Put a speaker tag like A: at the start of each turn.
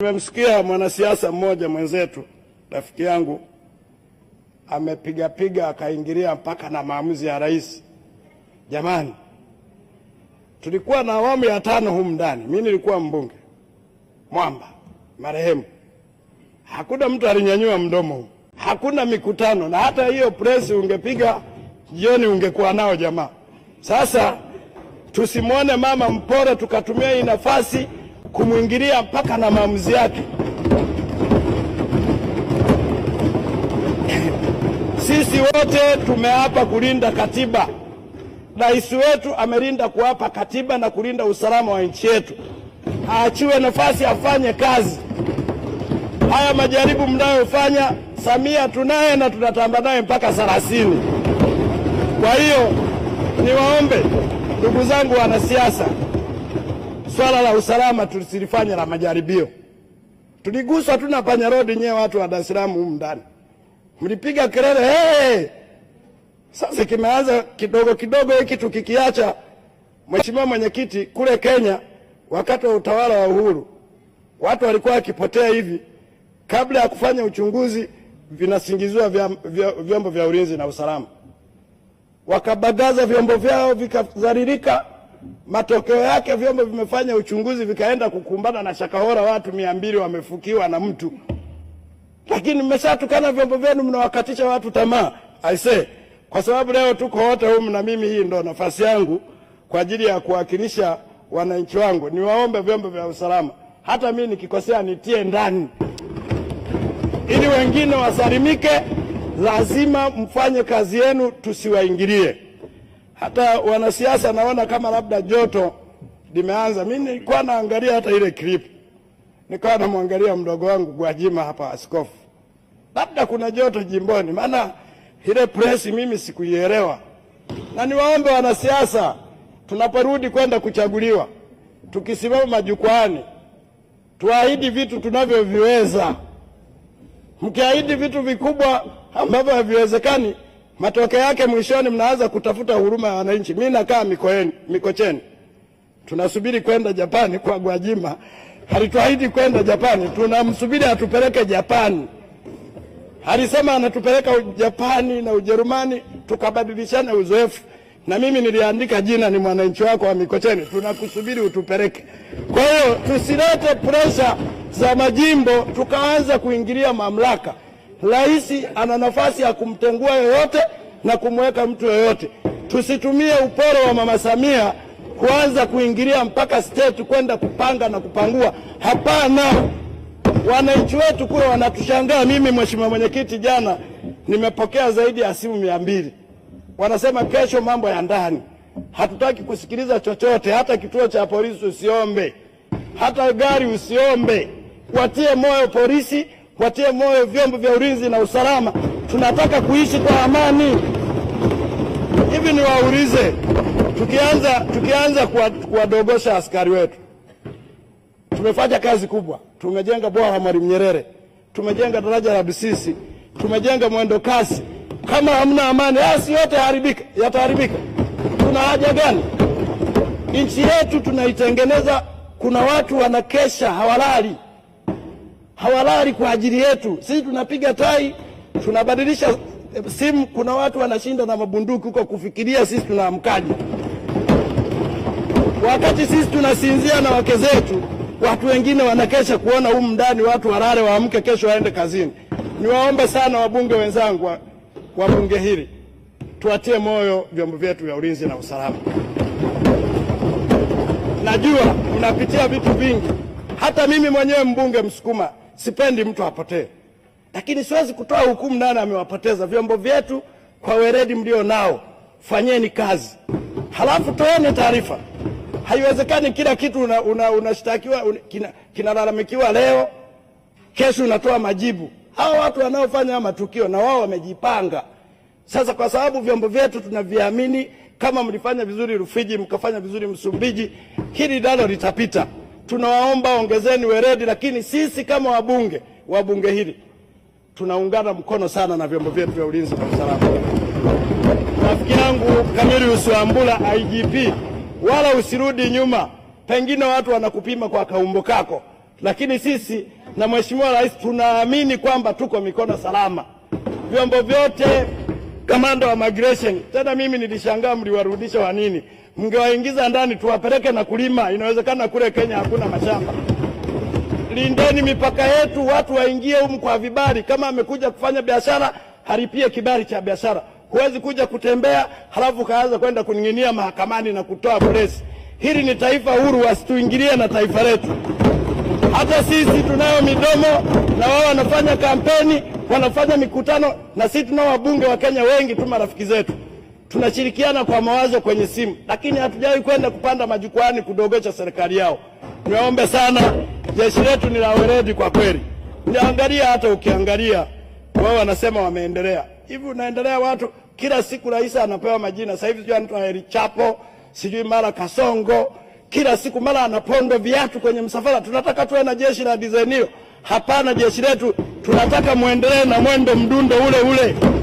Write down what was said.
A: Tumemsikia mwanasiasa mmoja mwenzetu, rafiki yangu, amepigapiga akaingilia mpaka na maamuzi ya rais. Jamani, tulikuwa na awamu ya tano humu ndani, mimi nilikuwa mbunge mwamba marehemu, hakuna mtu alinyanyua mdomo hakuna mikutano, na hata hiyo presi ungepiga jioni ungekuwa nao jamaa. Sasa tusimwone mama mpora tukatumia hii nafasi kumwingilia mpaka na maamuzi yake. Sisi wote tumeapa kulinda katiba. Rais wetu amelinda kuapa katiba na kulinda usalama wa nchi yetu. Aachiwe nafasi afanye kazi. Haya majaribu mnayofanya, Samia tunaye na tunatamba naye mpaka thelathini. Kwa hiyo niwaombe ndugu zangu wanasiasa swala la usalama tulisilifanya la majaribio. Tuliguswa tu na panya road, nyewe watu wa Dar es Salaam humu ndani mlipiga kelele hey! Sasa kimeanza kidogo kidogo, hiki tukikiacha. Mheshimiwa Mwenyekiti, kule Kenya wakati wa utawala wa Uhuru watu walikuwa wakipotea hivi, kabla ya kufanya uchunguzi vinasingiziwa vyombo vya ulinzi na usalama, wakabagaza vyombo vyao vikadhalilika. Matokeo yake vyombo vimefanya uchunguzi vikaenda kukumbana na Shakahora, watu mia mbili wamefukiwa na mtu, lakini mmeshatukana vyombo vyenu, mnawakatisha watu tamaa. Aise, kwa sababu leo tuko wote humu na mimi, hii ndo nafasi yangu kwa ajili ya kuwakilisha wananchi wangu. Niwaombe vyombo vya usalama, hata mimi nikikosea nitie ndani ili wengine wasalimike. Lazima mfanye kazi yenu, tusiwaingilie hata wanasiasa naona kama labda joto limeanza. Mi nilikuwa naangalia hata ile clip, nikawa namwangalia mdogo wangu Gwajima hapa, askofu, labda kuna joto jimboni, maana ile press mimi sikuielewa. Na niwaombe wanasiasa, tunaporudi kwenda kuchaguliwa, tukisimama majukwani, tuahidi vitu tunavyoviweza. Mkiahidi vitu vikubwa ambavyo haviwezekani Matokeo yake mwishoni, mnaanza kutafuta huruma ya wananchi. Mimi nakaa Mikocheni, tunasubiri kwenda Japani kwa Gwajima. Alituahidi kwenda Japani, tunamsubiri atupeleke Japani. Alisema anatupeleka Japani na Ujerumani tukabadilishane uzoefu, na mimi niliandika jina, ni mwananchi wako wa Mikocheni, tunakusubiri utupeleke. Kwa hiyo tusilete presha za majimbo tukaanza kuingilia mamlaka. Rais ana nafasi ya kumtengua yoyote na kumweka mtu yoyote. Tusitumie uporo wa Mama Samia kuanza kuingilia mpaka state kwenda kupanga na kupangua. Hapana, wananchi wetu kule wanatushangaa. Mimi mheshimiwa mwenyekiti, jana nimepokea zaidi ya simu mia mbili, wanasema kesho mambo ya ndani hatutaki kusikiliza chochote, hata kituo cha polisi usiombe, hata gari usiombe. Watie moyo polisi watie moyo vyombo vya ulinzi na usalama. Tunataka kuishi kwa amani. Hivi niwaulize, tukianza tukianza kuwadogosha askari wetu, tumefanya kazi kubwa, tumejenga bwawa la Mwalimu Nyerere, tumejenga daraja la Busisi, tumejenga mwendo kasi. Kama hamna amani, basi yote haribika, yataharibika. Tuna haja gani? Nchi yetu tunaitengeneza, kuna watu wanakesha hawalali hawalali kwa ajili yetu. Sisi tunapiga tai, tunabadilisha eh, simu. Kuna watu wanashinda na mabunduki huko kufikiria sisi tunaamkaje, wakati sisi tunasinzia na wake zetu. Watu wengine wanakesha kuona humu ndani, watu walale, waamke kesho waende kazini. Niwaombe sana wabunge wenzangu wa, bunge hili tuwatie moyo vyombo vyetu vya ulinzi na usalama. Najua mnapitia vitu vingi, hata mimi mwenyewe mbunge Msukuma sipendi mtu apotee, lakini siwezi kutoa hukumu nani amewapoteza. Vyombo vyetu kwa weledi mlio nao, fanyeni kazi, halafu toeni taarifa. Haiwezekani kila kitu unashtakiwa una, una kinalalamikiwa kina leo, kesho unatoa majibu. Hawa watu wanaofanya matukio na wao wamejipanga. Sasa kwa sababu vyombo vyetu tunaviamini, kama mlifanya vizuri Rufiji, mkafanya vizuri Msumbiji, hili nalo litapita tunawaomba ongezeni weredi lakini sisi kama wabunge wa bunge hili tunaungana mkono sana na vyombo vyetu vya ulinzi na usalama. Rafiki yangu Kamili Wambura IGP, wala usirudi nyuma. Pengine watu wanakupima kwa kaumbo kako, lakini sisi na Mheshimiwa Rais tunaamini kwamba tuko mikono salama. Vyombo vyote kamanda wa migration. Tena mimi nilishangaa mliwarudisha wa nini? Mngewaingiza ndani tuwapeleke na kulima, inawezekana kule Kenya hakuna mashamba. Lindeni mipaka yetu, watu waingie humu kwa vibali. Kama amekuja kufanya biashara, haripie kibali cha biashara. Huwezi kuja kutembea halafu kaanza kwenda kuning'inia mahakamani na kutoa press. Hili ni taifa huru, wasituingilie na taifa letu. Hata sisi tunayo midomo na wao wanafanya kampeni wanafanya mikutano, na sisi tunao wabunge wa Kenya wengi tu, marafiki zetu, tunashirikiana kwa mawazo kwenye simu, lakini hatujawahi kwenda kupanda majukwani kudogocha serikali yao. Niwaombe sana, jeshi letu ni la weledi kwa kweli. Niangalia hata ukiangalia, wao wanasema wameendelea hivi, unaendelea watu kila siku rais anapewa majina. Sasa hivi sijui anaitwa Heri Chapo, sijui mara Kasongo, kila siku mara anapondo viatu kwenye msafara. Tunataka tuwe na jeshi la dizaini hiyo. Hapana, jeshi letu tunataka muendelee na mwendo mdundo ule ule.